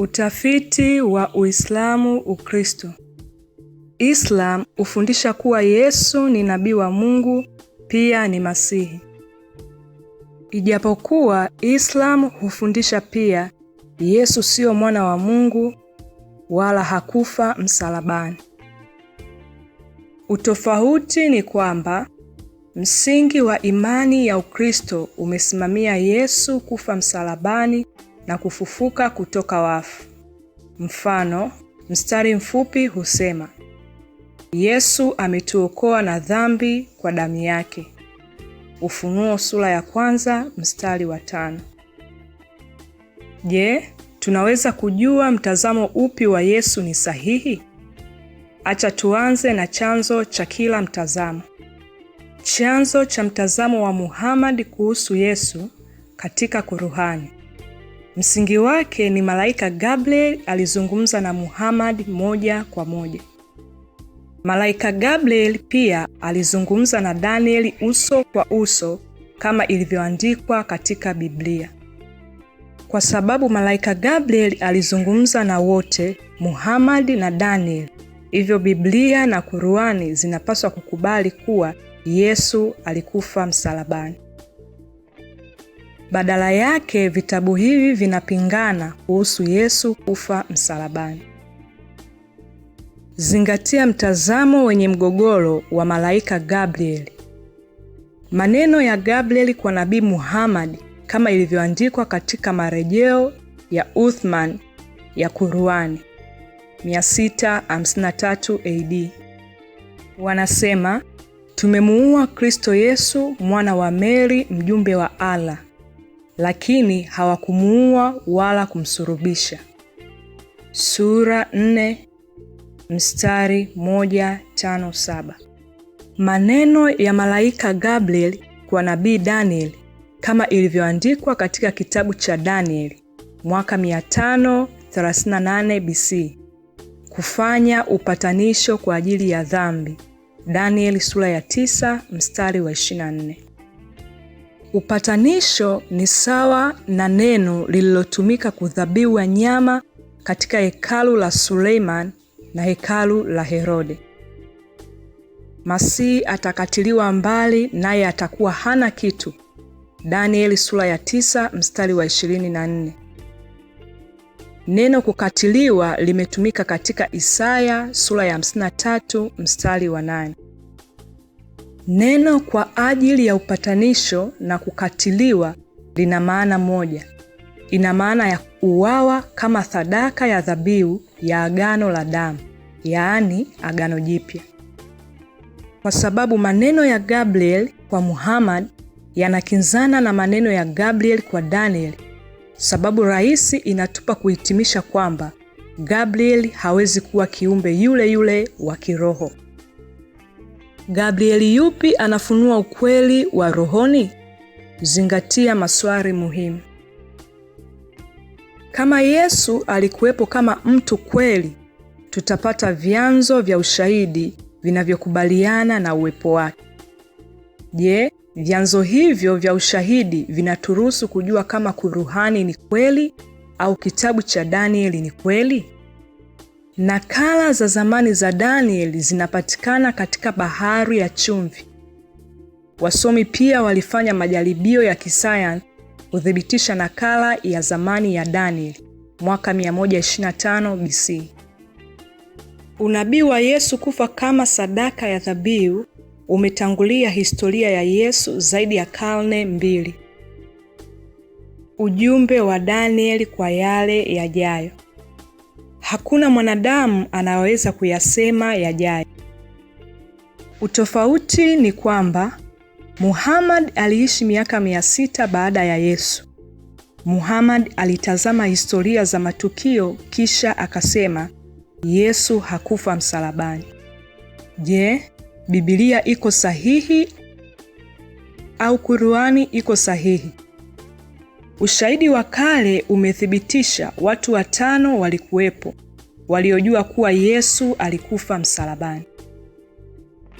Utafiti wa Uislamu Ukristo. Islam hufundisha kuwa Yesu ni nabii wa Mungu, pia ni Masihi. Ijapokuwa Islam hufundisha pia Yesu siyo mwana wa Mungu wala hakufa msalabani. Utofauti ni kwamba msingi wa imani ya Ukristo umesimamia Yesu kufa msalabani na kufufuka kutoka wafu. Mfano, mstari mfupi husema Yesu ametuokoa na dhambi kwa damu yake. Ufunuo sura ya kwanza mstari wa tano. Je, tunaweza kujua mtazamo upi wa Yesu ni sahihi? Acha tuanze na chanzo cha kila mtazamo. Chanzo cha mtazamo wa Muhammad kuhusu Yesu katika Kuruhani. Msingi wake ni malaika Gabriel alizungumza na Muhammad moja kwa moja. Malaika Gabriel pia alizungumza na Danieli uso kwa uso kama ilivyoandikwa katika Biblia. Kwa sababu malaika Gabriel alizungumza na wote, Muhammad na Daniel, hivyo Biblia na Kuruani zinapaswa kukubali kuwa Yesu alikufa msalabani. Badala yake vitabu hivi vinapingana kuhusu Yesu kufa msalabani. Zingatia mtazamo wenye mgogoro wa malaika Gabrieli. Maneno ya Gabrieli kwa Nabii Muhammad kama ilivyoandikwa katika marejeo ya Uthman ya Qur'ani 653 AD. Wanasema tumemuua Kristo Yesu mwana wa Meri mjumbe wa Allah lakini hawakumuua wala kumsurubisha. Sura 4 mstari 157. Maneno ya malaika Gabriel kwa nabii Daniel kama ilivyoandikwa katika kitabu cha Danieli mwaka 538 BC, kufanya upatanisho kwa ajili ya dhambi. Danieli sura ya 9 mstari wa 24. Upatanisho ni sawa na neno lililotumika kudhabihu wanyama katika hekalu la Suleiman na hekalu la Herode. Masihi atakatiliwa mbali naye atakuwa hana kitu. Danieli sura ya tisa mstari wa Neno kukatiliwa limetumika katika Isaya sura ya 53 mstari wa 8. Neno kwa ajili ya upatanisho na kukatiliwa lina maana moja. Ina maana ya uwawa kama sadaka ya dhabihu ya agano la damu, yaani agano jipya, kwa sababu maneno ya Gabriel kwa Muhammad yanakinzana na maneno ya Gabriel kwa Daniel. Sababu rahisi inatupa kuhitimisha kwamba Gabriel hawezi kuwa kiumbe yule yule wa kiroho. Gabrieli yupi anafunua ukweli wa rohoni? Zingatia maswali muhimu. Kama Yesu alikuwepo kama mtu kweli, tutapata vyanzo vya ushahidi vinavyokubaliana na uwepo wake. Je, vyanzo hivyo vya ushahidi vinaturuhusu kujua kama kuruhani ni kweli au kitabu cha Danieli ni kweli? Nakala za zamani za Danieli zinapatikana katika Bahari ya Chumvi. Wasomi pia walifanya majaribio ya kisayansi kuthibitisha nakala ya zamani ya Danieli mwaka 125 BC. Unabii wa Yesu kufa kama sadaka ya dhabihu umetangulia historia ya Yesu zaidi ya karne mbili. Ujumbe wa Danieli kwa yale yajayo. Hakuna mwanadamu anaweza kuyasema yajayo. Utofauti ni kwamba Muhammad aliishi miaka mia sita baada ya Yesu. Muhammad alitazama historia za matukio kisha akasema Yesu hakufa msalabani. Je, Biblia iko sahihi au Qur'ani iko sahihi? Ushahidi wa kale umethibitisha watu watano walikuwepo waliojua kuwa Yesu alikufa msalabani.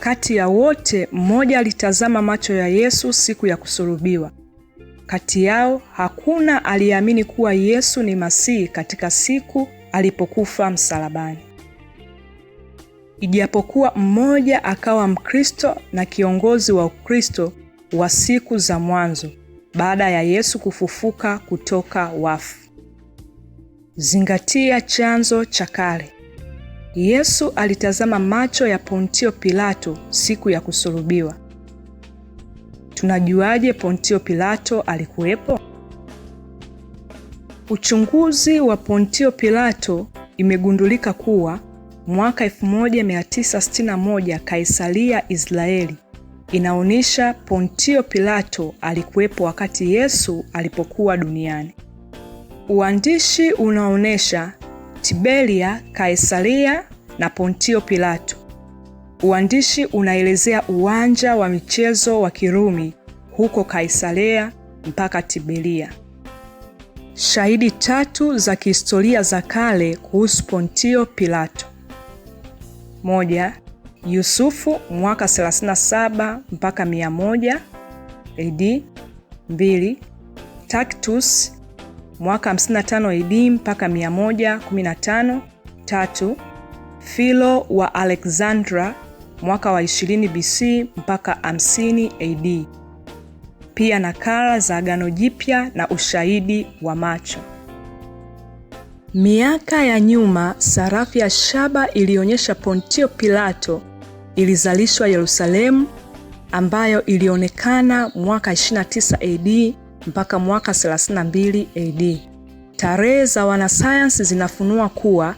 Kati ya wote mmoja alitazama macho ya Yesu siku ya kusulubiwa. Kati yao hakuna aliyeamini kuwa Yesu ni Masihi katika siku alipokufa msalabani. Ijapokuwa mmoja akawa Mkristo na kiongozi wa Ukristo wa siku za mwanzo baada ya Yesu kufufuka kutoka wafu. Zingatia chanzo cha kale. Yesu alitazama macho ya Pontio Pilato siku ya kusulubiwa. Tunajuaje Pontio Pilato alikuwepo? Uchunguzi wa Pontio Pilato imegundulika kuwa mwaka 1961 Kaisaria, Israeli inaonyesha Pontio Pilato alikuwepo wakati Yesu alipokuwa duniani. Uandishi unaonyesha Tiberia, Kaisaria na Pontio Pilato. Uandishi unaelezea uwanja wa michezo wa Kirumi huko Kaisaria mpaka Tiberia. Shahidi tatu za kihistoria za kale kuhusu Pontio Pilato. Moja, Yusufu mwaka 37 mpaka 100 AD 2 tactus mwaka 55 AD mpaka 115 3 Philo wa alexandra mwaka wa 20 BC mpaka 50 AD. Pia nakala za Agano Jipya na ushahidi wa macho. Miaka ya nyuma, sarafu ya shaba ilionyesha Pontio Pilato ilizalishwa Yerusalemu ambayo ilionekana mwaka 29 AD mpaka mwaka 32 AD. Tarehe za wanasayansi zinafunua kuwa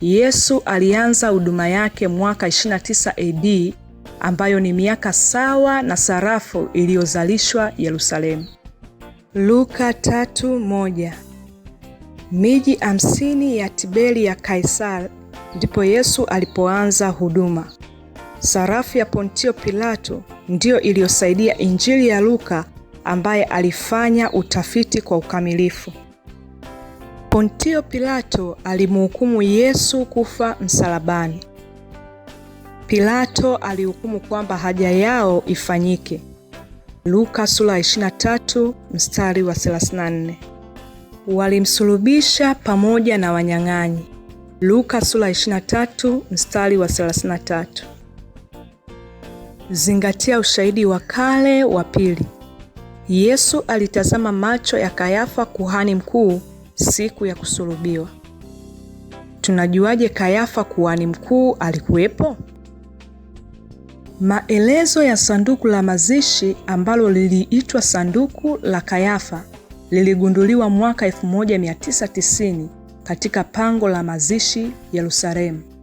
Yesu alianza huduma yake mwaka 29 AD ambayo ni miaka sawa na sarafu iliyozalishwa Yerusalemu. Luka 3:1 Miji hamsini ya Tiberi ya Kaisari ndipo Yesu alipoanza huduma. Sarafu ya Pontio Pilato ndiyo iliyosaidia Injili ya Luka ambaye alifanya utafiti kwa ukamilifu. Pontio Pilato alimhukumu Yesu kufa msalabani. Pilato alihukumu kwamba haja yao ifanyike. Luka sura 23 mstari wa 34. Walimsulubisha pamoja na wanyang'anyi. Luka sura 23 mstari wa 33. Zingatia ushahidi wa kale wa pili. Yesu alitazama macho ya Kayafa kuhani mkuu siku ya kusulubiwa. Tunajuaje Kayafa kuhani mkuu alikuwepo? Maelezo ya sanduku la mazishi ambalo liliitwa sanduku la Kayafa liligunduliwa mwaka 1990 katika pango la mazishi Yerusalemu.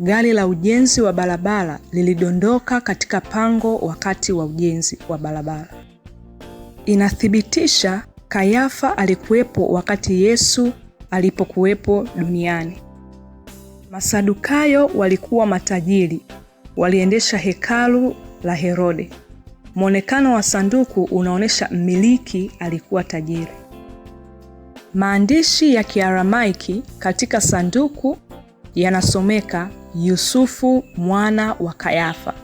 Gari la ujenzi wa barabara lilidondoka katika pango wakati wa ujenzi wa barabara. Inathibitisha Kayafa alikuwepo wakati Yesu alipokuwepo duniani. Masadukayo walikuwa matajiri, waliendesha hekalu la Herode. Mwonekano wa sanduku unaonyesha mmiliki alikuwa tajiri. Maandishi ya Kiaramaiki katika sanduku yanasomeka Yusufu mwana wa Kayafa.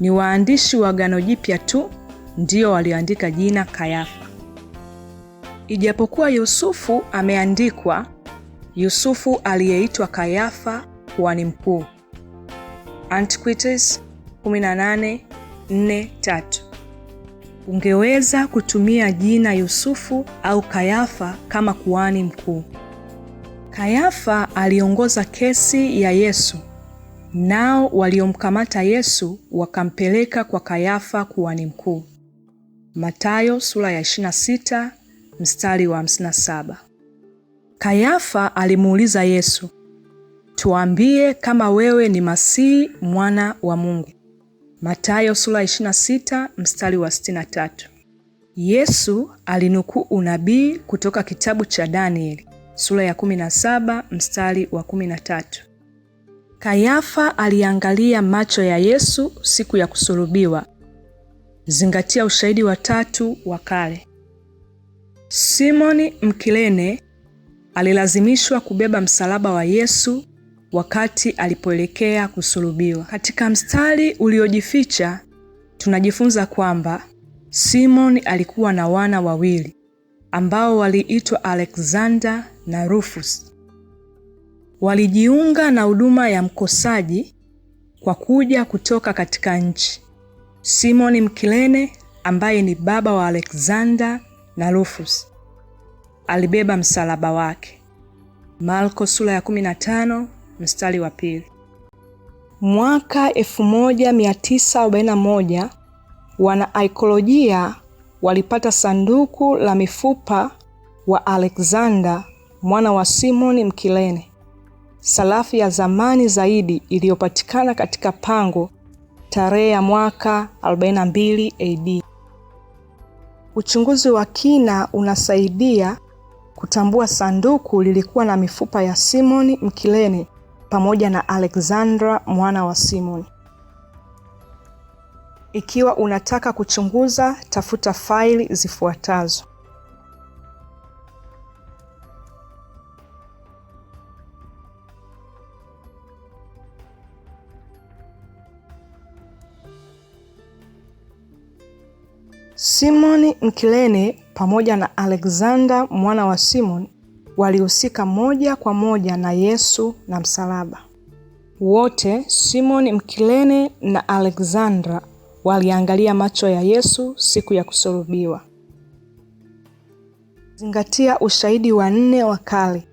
Ni waandishi wa Agano Jipya tu ndio walioandika jina Kayafa. Ijapokuwa Yusufu ameandikwa Yusufu aliyeitwa Kayafa kuhani mkuu, Antiquities 18:43. Ungeweza kutumia jina Yusufu au Kayafa kama kuhani mkuu. Kayafa aliongoza kesi ya Yesu, nao waliomkamata Yesu wakampeleka kwa Kayafa kuhani mkuu. Mathayo sura ya 26 mstari wa 57. Kayafa alimuuliza Yesu, tuambie kama wewe ni Masihi mwana wa Mungu. Mathayo sura 26 mstari wa 63. Yesu alinukuu unabii kutoka kitabu cha Danieli sura ya 17 mstari wa 13. Kayafa aliangalia macho ya Yesu siku ya kusulubiwa. Zingatia ushahidi wa tatu wa kale. Simoni Mkirene alilazimishwa kubeba msalaba wa Yesu wakati alipoelekea kusulubiwa. Katika mstari uliojificha tunajifunza kwamba Simoni alikuwa na wana wawili, ambao waliitwa Alexander na Rufus. Walijiunga na huduma ya mkosaji kwa kuja kutoka katika nchi. Simoni Mkilene ambaye ni baba wa Alexander na Rufus alibeba msalaba wake. Marko sura ya 15 mstari wa pili. Mwaka 1941 wanaaikolojia walipata sanduku la mifupa wa Alexander mwana wa Simoni Mkirene, sarafu ya zamani zaidi iliyopatikana katika pango tarehe ya mwaka 42 AD. Uchunguzi wa kina unasaidia kutambua sanduku lilikuwa na mifupa ya Simoni Mkirene pamoja na Alexandra mwana wa Simoni. Ikiwa unataka kuchunguza, tafuta faili zifuatazo. Simon Mkilene pamoja na Alexander mwana wa Simon walihusika moja kwa moja na Yesu na msalaba. Wote Simon Mkilene na Alexandra waliangalia macho ya Yesu siku ya kusulubiwa. Zingatia ushahidi wa nne wa kale.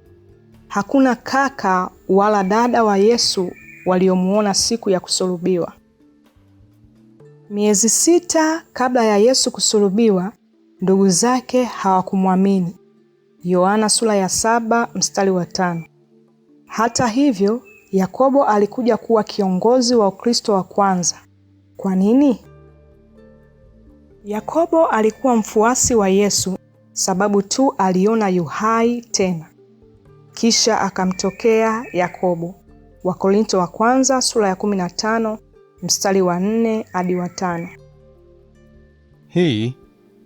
Hakuna kaka wala dada wa Yesu waliomuona siku ya kusulubiwa. Miezi sita kabla ya Yesu kusulubiwa, ndugu zake hawakumwamini. Yohana sura ya saba mstari wa tano. Hata hivyo, Yakobo alikuja kuwa kiongozi wa Ukristo wa kwanza. Kwa nini? Yakobo alikuwa mfuasi wa Yesu sababu tu aliona yuhai tena. Kisha akamtokea Yakobo. Wakorinto wa kwanza sura ya 15 mstari wa 4 hadi wa 5. He,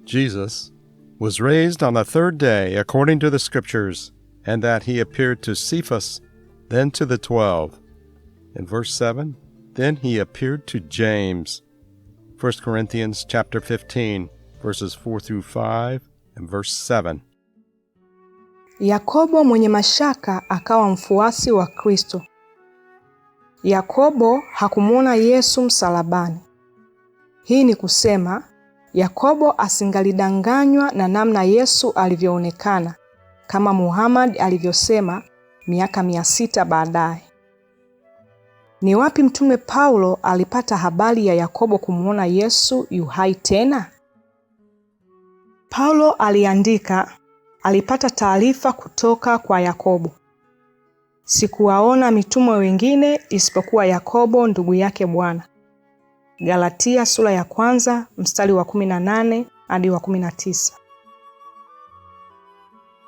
Jesus, was raised on the third day according to the scriptures, and that he appeared to Cephas, then to the twelve. In verse 7, Then he appeared to James. 1 Corinthians chapter 15 verses 4 through 5 and verse 7. Yakobo mwenye mashaka akawa mfuasi wa Kristo. Yakobo hakumwona Yesu msalabani. Hii ni kusema Yakobo asingalidanganywa na namna Yesu alivyoonekana kama Muhammad alivyosema miaka 600 baadaye. Ni wapi Mtume Paulo alipata habari ya Yakobo kumwona Yesu yuhai tena? Paulo aliandika, alipata taarifa kutoka kwa Yakobo. Sikuwaona mitume wengine isipokuwa Yakobo ndugu yake Bwana. Galatia sura ya kwanza mstari wa 18 hadi wa 19.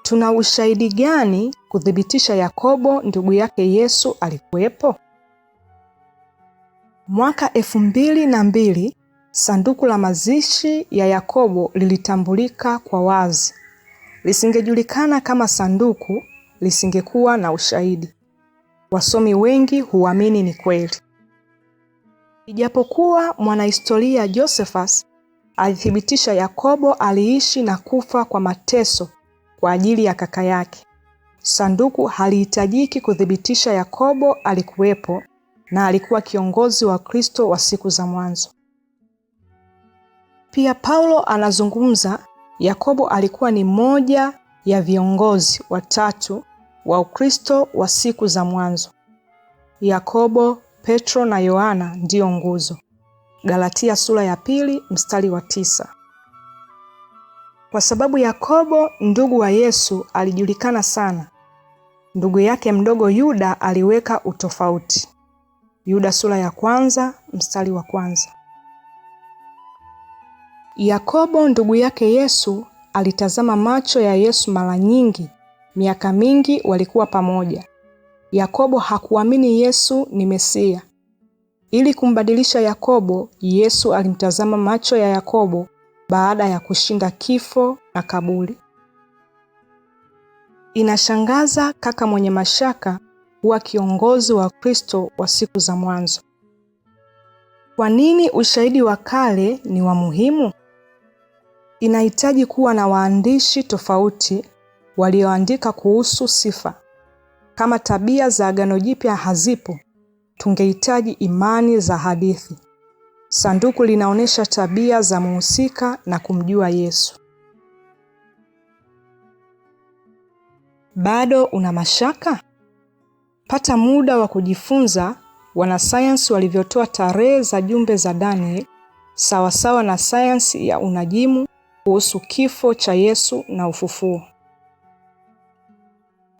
Tuna ushahidi gani kuthibitisha Yakobo ndugu yake Yesu alikuwepo? Mwaka elfu mbili na mbili sanduku la mazishi ya Yakobo lilitambulika kwa wazi. Lisingejulikana kama sanduku, lisingekuwa na ushahidi. Wasomi wengi huamini ni kweli, ijapokuwa mwanahistoria Josephus alithibitisha Yakobo aliishi na kufa kwa mateso kwa ajili ya kaka yake. Sanduku halihitajiki kuthibitisha Yakobo alikuwepo na alikuwa kiongozi wa Kristo wa siku za mwanzo. Pia Paulo anazungumza Yakobo alikuwa ni moja ya viongozi watatu wa Ukristo wa siku za mwanzo. Yakobo, Petro na Yohana ndiyo nguzo. Galatia sura ya pili mstari wa tisa. Kwa sababu Yakobo ndugu wa Yesu alijulikana sana, ndugu yake mdogo Yuda aliweka utofauti. Yuda sura ya kwanza mstari wa kwanza. Yakobo ndugu yake Yesu alitazama macho ya Yesu mara nyingi, miaka mingi walikuwa pamoja. Yakobo hakuamini Yesu ni Mesia. Ili kumbadilisha Yakobo, Yesu alimtazama macho ya Yakobo baada ya kushinda kifo na kaburi. Inashangaza kaka mwenye mashaka kuwa kiongozi wa Kristo wa siku za mwanzo. Kwa nini ushahidi wa kale ni wa muhimu? Inahitaji kuwa na waandishi tofauti walioandika kuhusu sifa. Kama tabia za Agano Jipya hazipo, tungehitaji imani za hadithi. Sanduku linaonyesha tabia za mhusika na kumjua Yesu. Bado una mashaka? pata muda wa kujifunza wanasayansi walivyotoa tarehe za jumbe za Daniel sawasawa na sayansi ya unajimu kuhusu kifo cha Yesu na ufufuo.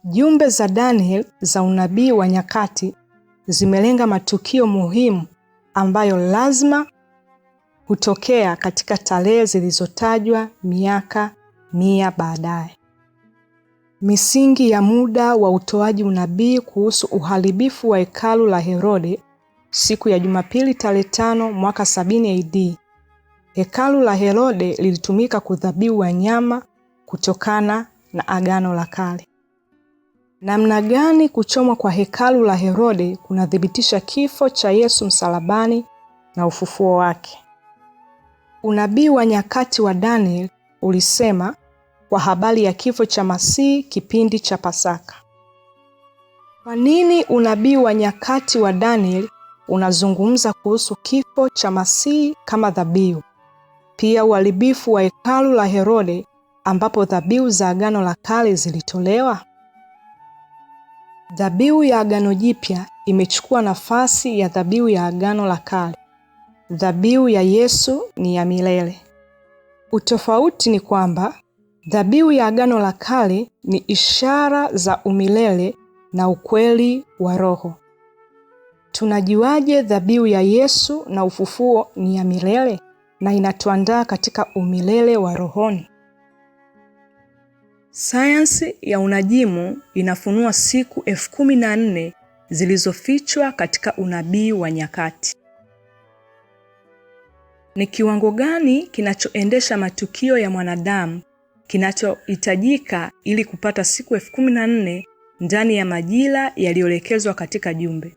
Jumbe za Daniel za unabii wa nyakati zimelenga matukio muhimu ambayo lazima hutokea katika tarehe zilizotajwa miaka mia baadaye. Misingi ya muda wa utoaji unabii kuhusu uharibifu wa hekalu la Herode siku ya Jumapili tarehe tano mwaka sabini AD. Hekalu la Herode lilitumika kudhabihu wanyama kutokana na Agano la Kale. Namna gani kuchomwa kwa hekalu la Herode kunathibitisha kifo cha Yesu msalabani na ufufuo wake? Unabii wa nyakati wa Daniel ulisema wa habari ya kifo cha Masihi kipindi cha Pasaka. Kwa nini unabii wa nyakati wa Danieli unazungumza kuhusu kifo cha Masihi kama dhabihu, pia uharibifu wa hekalu la Herode ambapo dhabihu za Agano la Kale zilitolewa? Dhabihu ya Agano Jipya imechukua nafasi ya dhabihu ya Agano la Kale. Dhabihu ya Yesu ni ya milele. Utofauti ni kwamba Dhabihu ya Agano la Kale ni ishara za umilele na ukweli wa roho. Tunajuaje dhabihu ya Yesu na ufufuo ni ya milele na inatuandaa katika umilele wa rohoni? Sayansi ya unajimu inafunua siku elfu kumi na nne zilizofichwa katika unabii wa nyakati. Ni kiwango gani kinachoendesha matukio ya mwanadamu kinachohitajika ili kupata siku elfu kumi na nne ndani ya majira yaliyoelekezwa katika jumbe.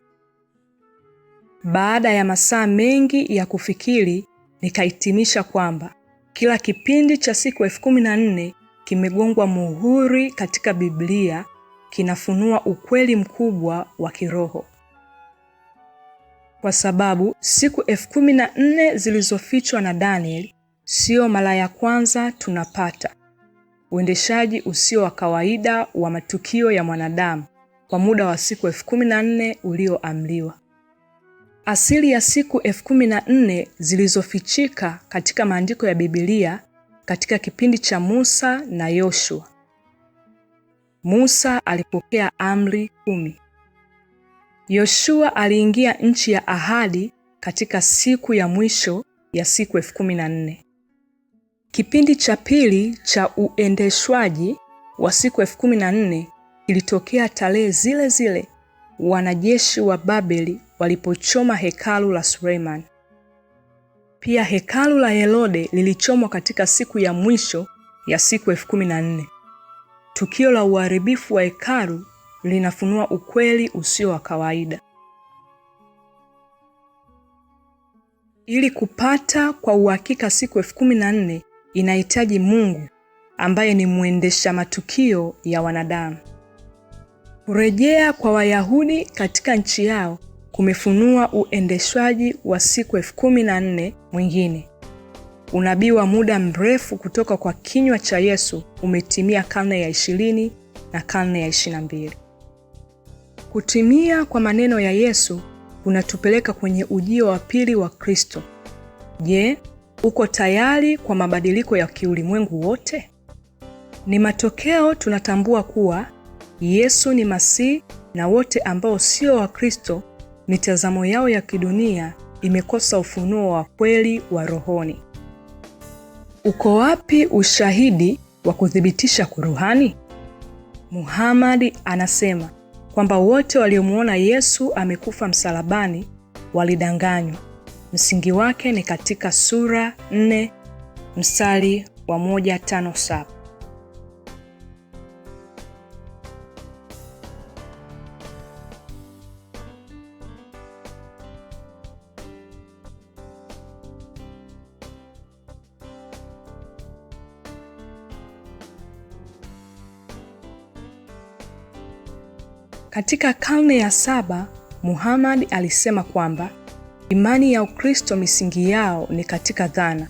Baada ya masaa mengi ya kufikiri, nikahitimisha kwamba kila kipindi cha siku elfu kumi na nne kimegongwa muhuri katika Biblia, kinafunua ukweli mkubwa wa kiroho, kwa sababu siku elfu kumi na nne zilizofichwa na Danieli siyo mara ya kwanza tunapata uendeshaji usio wa kawaida wa matukio ya mwanadamu kwa muda wa siku elfu kumi na nne ulioamriwa. Asili ya siku elfu kumi na nne zilizofichika katika maandiko ya Biblia katika kipindi cha Musa na Yoshua. Musa alipokea amri kumi. Yoshua aliingia nchi ya ahadi katika siku ya mwisho ya siku elfu kumi na nne. Kipindi cha pili cha uendeshwaji wa siku elfu kumi na nne kilitokea tarehe zile zile wanajeshi wa Babeli walipochoma hekalu la Suleiman. Pia hekalu la Herode lilichomwa katika siku ya mwisho ya siku elfu kumi na nne. Tukio la uharibifu wa hekalu linafunua ukweli usio wa kawaida. Ili kupata kwa uhakika siku elfu kumi na nne inahitaji Mungu ambaye ni mwendesha matukio ya wanadamu. Kurejea kwa Wayahudi katika nchi yao kumefunua uendeshwaji wa siku elfu kumi na nne mwingine. Unabii wa muda mrefu kutoka kwa kinywa cha Yesu umetimia karne ya ishirini na karne ya 22 mbili. Kutimia kwa maneno ya Yesu kunatupeleka kwenye ujio wa pili wa Kristo. Je, Uko tayari kwa mabadiliko ya kiulimwengu wote? Ni matokeo tunatambua kuwa Yesu ni Masihi na wote ambao sio Wakristo mitazamo yao ya kidunia imekosa ufunuo wa kweli wa rohoni. Uko wapi ushahidi wa kuthibitisha kuruhani? Muhamadi anasema kwamba wote waliomwona Yesu amekufa msalabani walidanganywa Msingi wake ni katika sura 4 mstari wa 157. Katika karne ya saba Muhammad alisema kwamba Imani ya Ukristo misingi yao ni katika dhana.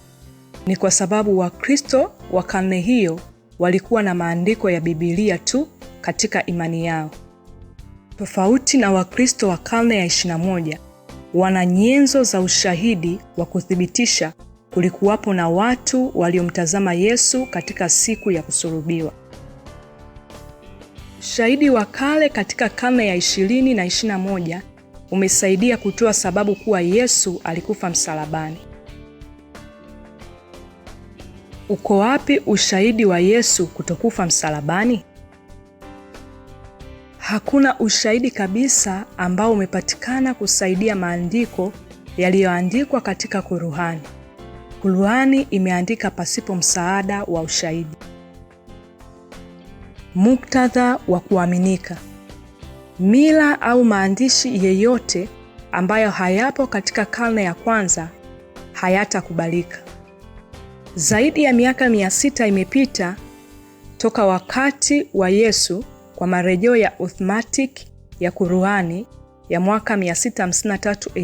Ni kwa sababu Wakristo wa karne hiyo walikuwa na maandiko ya Biblia tu katika imani yao. Tofauti na Wakristo wa karne ya 21, wana nyenzo za ushahidi wa kuthibitisha kulikuwapo na watu waliomtazama Yesu katika siku ya kusulubiwa. Ushahidi wa kale katika karne ya 20 na 21 umesaidia kutoa sababu kuwa Yesu alikufa msalabani. Uko wapi ushahidi wa Yesu kutokufa msalabani? Hakuna ushahidi kabisa ambao umepatikana kusaidia maandiko yaliyoandikwa katika Kuruhani. Kuruhani imeandika pasipo msaada wa ushahidi. Muktadha wa kuaminika mila au maandishi yeyote ambayo hayapo katika karne ya kwanza hayatakubalika. Zaidi ya miaka mia sita imepita toka wakati wa Yesu kwa marejeo ya Uthmatic ya Kuruani ya mwaka 653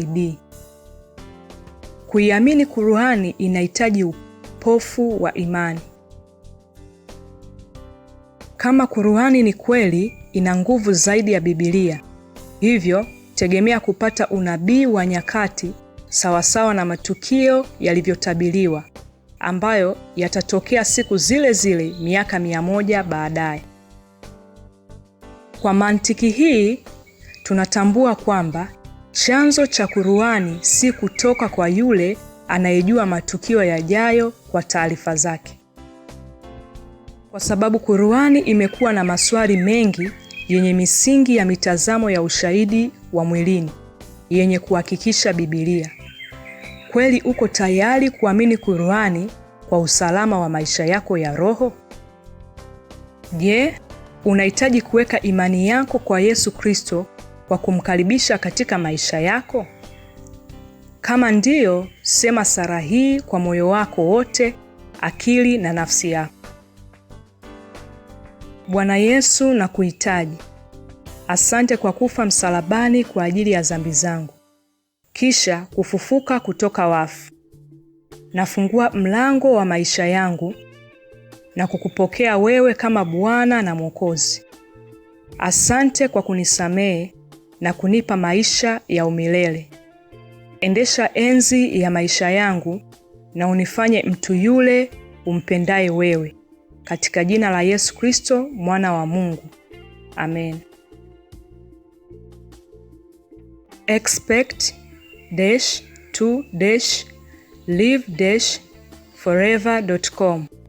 AD. Kuiamini Kuruhani inahitaji upofu wa imani. Kama Kuruhani ni kweli, ina nguvu zaidi ya bibilia hivyo tegemea kupata unabii wa nyakati sawasawa na matukio yalivyotabiriwa ambayo yatatokea siku zile zile miaka mia moja baadaye. Kwa mantiki hii tunatambua kwamba chanzo cha Kuruani si kutoka kwa yule anayejua matukio yajayo kwa taarifa zake, kwa sababu Kuruani imekuwa na maswali mengi yenye misingi ya mitazamo ya ushahidi wa mwilini yenye kuhakikisha Biblia. Kweli uko tayari kuamini Qur'ani kwa usalama wa maisha yako ya roho? Je, unahitaji kuweka imani yako kwa Yesu Kristo kwa kumkaribisha katika maisha yako? Kama ndiyo, sema sara hii kwa moyo wako wote, akili na nafsi yako. Bwana Yesu, nakuhitaji. Asante kwa kufa msalabani kwa ajili ya dhambi zangu, kisha kufufuka kutoka wafu. Nafungua mlango wa maisha yangu na kukupokea wewe kama Bwana na Mwokozi. Asante kwa kunisamehe na kunipa maisha ya umilele. Endesha enzi ya maisha yangu na unifanye mtu yule umpendaye wewe katika jina la Yesu Kristo mwana wa Mungu, amen. Expect dash to dash live dash forever.com